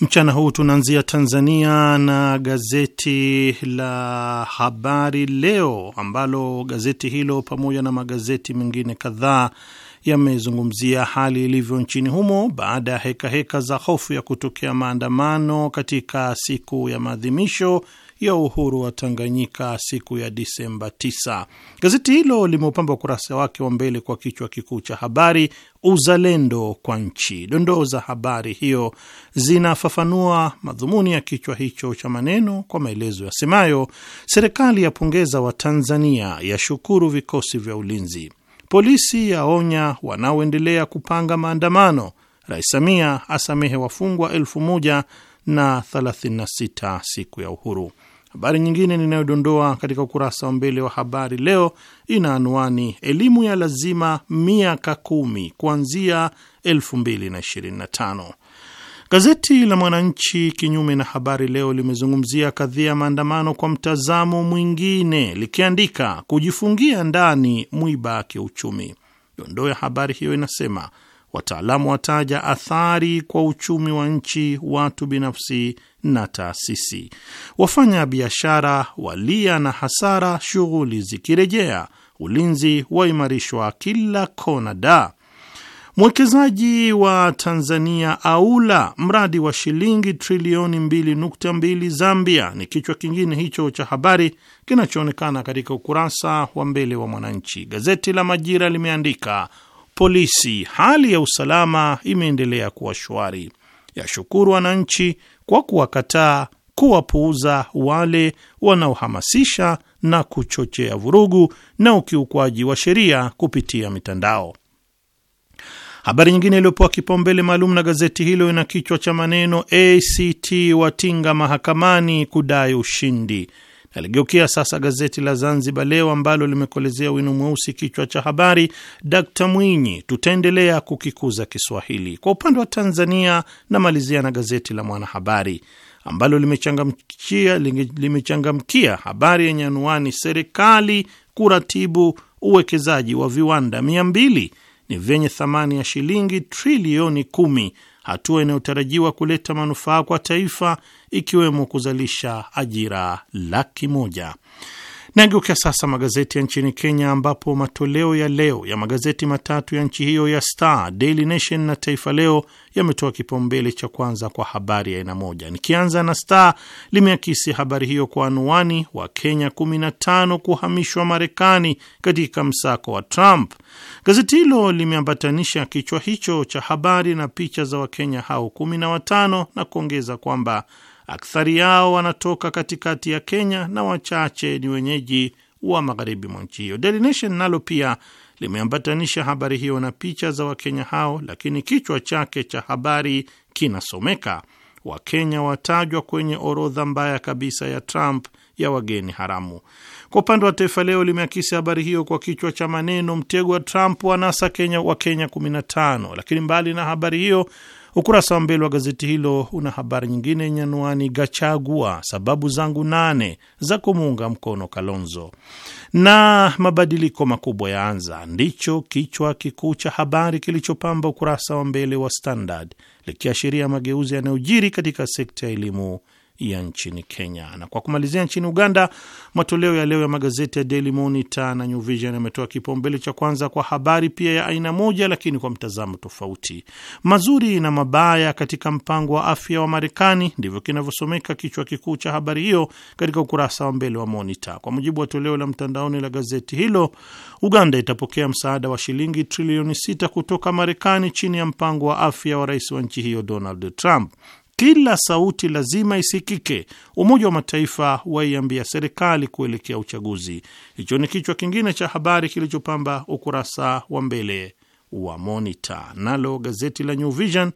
Mchana huu tunaanzia Tanzania na gazeti la Habari Leo, ambalo gazeti hilo pamoja na magazeti mengine kadhaa yamezungumzia hali ilivyo nchini humo baada ya heka hekaheka za hofu ya kutokea maandamano katika siku ya maadhimisho ya uhuru wa Tanganyika siku ya Disemba 9. Gazeti hilo limeupamba ukurasa wake wa mbele kwa kichwa kikuu cha habari uzalendo kwa nchi. Dondoo za habari hiyo zinafafanua madhumuni ya kichwa hicho cha maneno kwa maelezo yasemayo: serikali yapongeza Watanzania, yashukuru vikosi vya ulinzi, polisi yaonya wanaoendelea kupanga maandamano, Rais Samia asamehe wafungwa elfu moja na 36 siku ya uhuru. Habari nyingine ninayodondoa katika ukurasa wa mbele wa habari leo ina anwani elimu ya lazima miaka kumi kuanzia 2025. Gazeti la Mwananchi, kinyume na Habari Leo, limezungumzia kadhia maandamano kwa mtazamo mwingine likiandika, kujifungia ndani mwiba kiuchumi. Dondoo ya habari hiyo inasema Wataalamu wataja athari kwa uchumi wa nchi, watu binafsi na taasisi. Wafanya biashara walia na hasara, shughuli zikirejea. Ulinzi waimarishwa kila kona. da mwekezaji wa Tanzania aula mradi wa shilingi trilioni 2.2 Zambia, ni kichwa kingine hicho cha habari kinachoonekana katika ukurasa wa mbele wa Mwananchi. Gazeti la Majira limeandika polisi, hali ya usalama imeendelea kuwa shwari. Yashukuru wananchi kwa kuwakataa, kuwapuuza wale wanaohamasisha na kuchochea vurugu na ukiukwaji wa sheria kupitia mitandao. Habari nyingine iliyopewa kipaumbele maalum na gazeti hilo ina kichwa cha maneno ACT watinga mahakamani kudai ushindi. Aligeukia sasa gazeti la Zanzibar Leo ambalo limekolezea wino mweusi kichwa cha habari, Dkt Mwinyi, tutaendelea kukikuza Kiswahili. Kwa upande wa Tanzania namalizia na gazeti la Mwanahabari ambalo limechangamkia limechangamkia habari yenye anuani, serikali kuratibu uwekezaji wa viwanda mia mbili ni vyenye thamani ya shilingi trilioni kumi hatua inayotarajiwa kuleta manufaa kwa taifa ikiwemo kuzalisha ajira laki moja. Nageukia sasa magazeti ya nchini Kenya, ambapo matoleo ya leo ya magazeti matatu ya nchi hiyo ya Star, Daily Nation na Taifa Leo yametoa kipaumbele cha kwanza kwa habari ya aina moja. Nikianza na Star, limeakisi habari hiyo kwa anuani, kenya 15 kuhamishwa Marekani katika msako wa Trump. Gazeti hilo limeambatanisha kichwa hicho cha habari na picha za Wakenya hao 15 na kuongeza kwamba Akthari yao wanatoka katikati ya Kenya na wachache ni wenyeji wa magharibi mwa nchi hiyo. Daily Nation nalo pia limeambatanisha habari hiyo na picha za Wakenya hao, lakini kichwa chake cha habari kinasomeka Wakenya watajwa kwenye orodha mbaya kabisa ya Trump ya wageni haramu. Kwa upande wa Taifa Leo limeakisi habari hiyo kwa kichwa cha maneno, mtego wa Trump wanasa Kenya, Kenya 15. Lakini mbali na habari hiyo, Ukurasa wa mbele wa gazeti hilo una habari nyingine yenye anwani Gachagua, sababu zangu nane za kumuunga mkono Kalonzo na mabadiliko makubwa yaanza, ndicho kichwa kikuu cha habari kilichopamba ukurasa wa mbele wa Standard, likiashiria mageuzi yanayojiri katika sekta ya elimu ya nchini Kenya. Na kwa kumalizia, nchini Uganda, matoleo ya leo ya magazeti ya Daily Monitor na New Vision yametoa kipaumbele cha kwanza kwa habari pia ya aina moja, lakini kwa mtazamo tofauti, mazuri na mabaya katika mpango wa afya wa Marekani, ndivyo kinavyosomeka kichwa kikuu cha habari hiyo katika ukurasa wa mbele wa Monitor. Kwa mujibu wa toleo la mtandaoni la gazeti hilo, Uganda itapokea msaada wa shilingi trilioni sita kutoka Marekani chini ya mpango wa afya wa rais wa nchi hiyo Donald Trump kila sauti lazima isikike, Umoja wa Mataifa waiambia serikali kuelekea uchaguzi. Hicho ni kichwa kingine cha habari kilichopamba ukurasa wa mbele wa Monita. Nalo gazeti la New Vision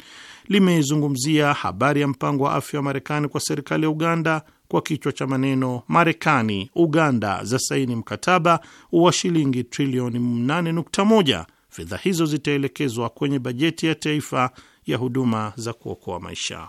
limezungumzia habari ya mpango wa afya wa Marekani kwa serikali ya Uganda kwa kichwa cha maneno Marekani Uganda za saini mkataba wa shilingi trilioni 8.1. Fedha hizo zitaelekezwa kwenye bajeti ya taifa ya huduma za kuokoa maisha.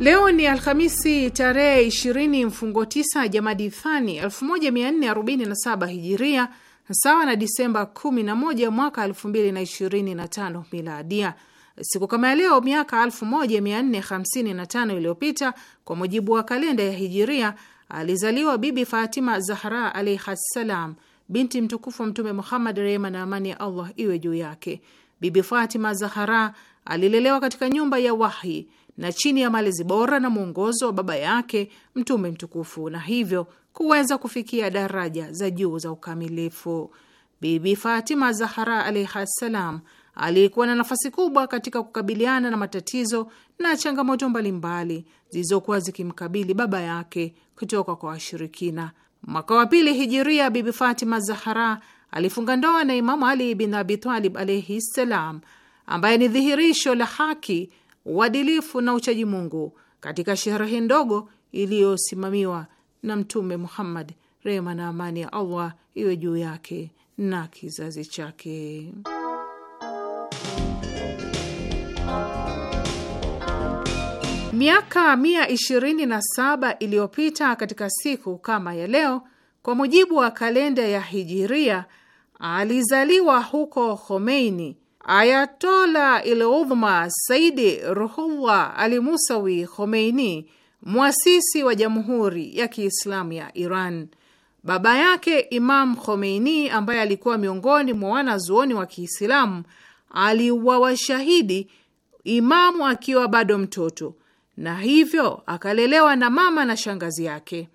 Leo ni Alhamisi tarehe 20 mfungo 9 Jamadi Thani 1447 Hijiria, sawa na Disemba 11 mwaka 2025 Miladia. Siku kama ya leo miaka 1455 iliyopita kwa mujibu wa kalenda ya Hijiria, alizaliwa Bibi Fatima Zahra alaihi ssalam, binti mtukufu wa Mtume Muhammad, rehema na amani ya Allah iwe juu yake. Bibi Fatima Zahara alilelewa katika nyumba ya wahi na chini ya malezi bora na mwongozo wa baba yake Mtume mtukufu na hivyo kuweza kufikia daraja za juu za ukamilifu. Bibi Fatima Zahara alaihi ssalam alikuwa na nafasi kubwa katika kukabiliana na matatizo na changamoto mbalimbali zilizokuwa zikimkabili baba yake kutoka kwa washirikina. Mwaka wa pili hijiria, Bibi Fatima Zahara alifunga ndoa na Imamu Ali bin Abitalib alaihi ssalam, ambaye ni dhihirisho la haki uadilifu na uchaji Mungu katika sherehe ndogo iliyosimamiwa na Mtume Muhammad, rehma na amani ya Allah iwe juu yake na kizazi chake. Miaka saba iliyopita katika siku kama ya leo, kwa mujibu wa kalenda ya Hijiria, alizaliwa huko Khomeini, Ayatola Iludhma Saidi Ruhullah Ali Musawi Khomeini, mwasisi wa Jamhuri ya Kiislamu ya Iran. Baba yake Imam Khomeini, ambaye alikuwa miongoni mwa wanazuoni wa Kiislamu, aliuawa shahidi imamu akiwa bado mtoto, na hivyo akalelewa na mama na shangazi yake.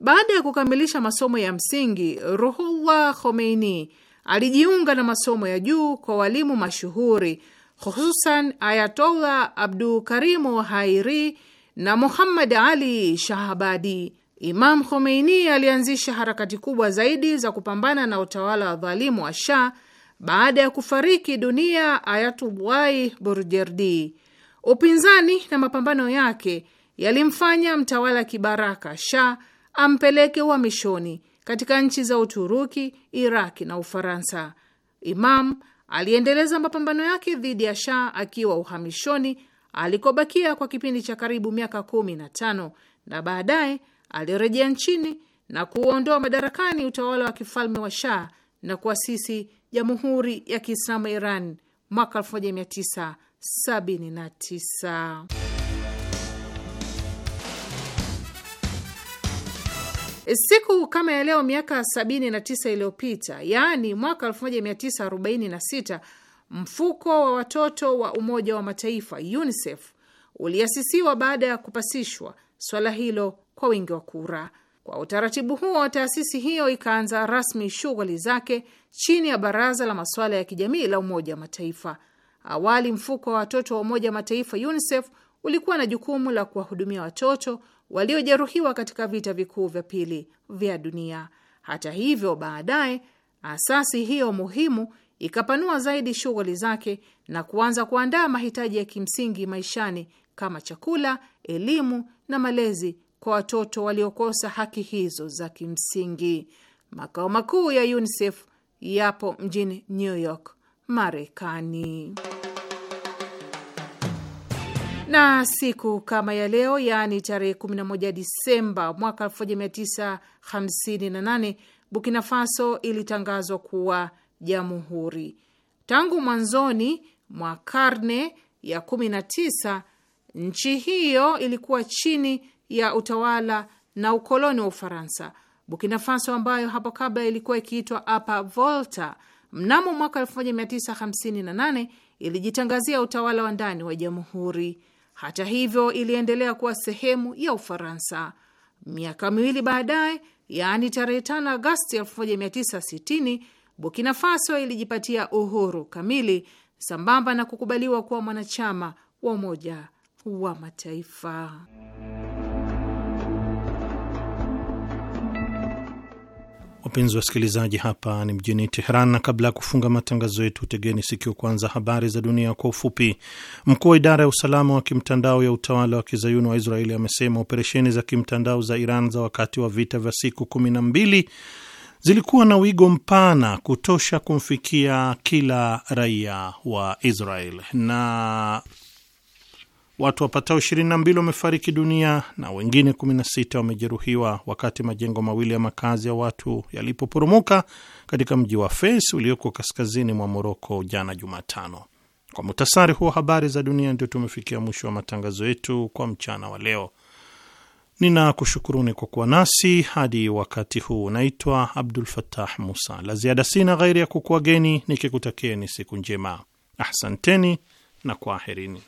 Baada ya kukamilisha masomo ya msingi, Ruhullah Khomeini alijiunga na masomo ya juu kwa walimu mashuhuri hususan Ayatollah Abdul Karimu Hairi na Muhammad Ali Shahabadi. Imam Khomeini alianzisha harakati kubwa zaidi za kupambana na utawala wa dhalimu wa Shah baada ya kufariki dunia Ayatullahi Burjerdi. Upinzani na mapambano yake yalimfanya mtawala kibaraka Shah ampeleke uhamishoni katika nchi za Uturuki, Iraki na Ufaransa. Imam aliendeleza mapambano yake dhidi ya Shah akiwa uhamishoni alikobakia kwa kipindi cha karibu miaka kumi na tano na baadaye alirejea nchini na kuondoa madarakani utawala wa kifalme wa Shah na kuasisi Jamhuri ya Kiislamu Iran mwaka 1979. Eh, siku kama ya leo miaka 79 iliyopita, yaani mwaka 1946, mfuko wa watoto wa Umoja wa Mataifa UNICEF uliasisiwa baada ya kupasishwa swala hilo kwa wingi wa kura. Kwa utaratibu huo, taasisi hiyo ikaanza rasmi shughuli zake chini ya Baraza la Masuala ya Kijamii la Umoja wa Mataifa. Awali mfuko wa watoto wa Umoja wa Mataifa UNICEF ulikuwa na jukumu la kuwahudumia watoto waliojeruhiwa katika vita vikuu vya pili vya dunia. Hata hivyo, baadaye asasi hiyo muhimu ikapanua zaidi shughuli zake na kuanza kuandaa mahitaji ya kimsingi maishani kama chakula, elimu na malezi kwa watoto waliokosa haki hizo za kimsingi. Makao makuu ya UNICEF yapo mjini New York, Marekani. Na siku kama ya leo, yaani tarehe 11 Disemba mwaka 1958 Burkina Faso ilitangazwa kuwa jamhuri. Tangu mwanzoni mwa karne ya 19 nchi hiyo ilikuwa chini ya utawala na ukoloni wa Ufaransa. Burkina Faso ambayo hapo kabla ilikuwa ikiitwa Apa Volta, mnamo mwaka 1958 ilijitangazia utawala wa ndani wa jamhuri. Hata hivyo, iliendelea kuwa sehemu ya Ufaransa. Miaka miwili baadaye, yaani tarehe 5 Agosti 1960, Burkina Faso ilijipatia uhuru kamili sambamba na kukubaliwa kuwa mwanachama wa Umoja wa Mataifa. Wapenzi wasikilizaji, hapa ni mjini Teheran, na kabla ya kufunga matangazo yetu, tegeni sikio kwanza habari za dunia kwa ufupi. Mkuu wa idara ya usalama wa kimtandao ya utawala wa kizayuni wa Israeli amesema operesheni za kimtandao za Iran za wakati wa vita vya siku kumi na mbili zilikuwa na wigo mpana kutosha kumfikia kila raia wa Israel na watu wapatao 22 wamefariki dunia na wengine 16 wamejeruhiwa wakati majengo mawili ya makazi ya watu yalipoporomoka katika mji wa Fes ulioko kaskazini mwa Moroko jana Jumatano. Kwa mutasari huo habari za dunia, ndio tumefikia mwisho wa matangazo yetu kwa mchana wa leo. Ninakushukuruni kwa kuwa nasi hadi wakati huu. Naitwa Abdul Fattah Musa. La ziada sina ghairi ya kukuageni nikikutakieni siku njema. Ahsanteni na kwaherini.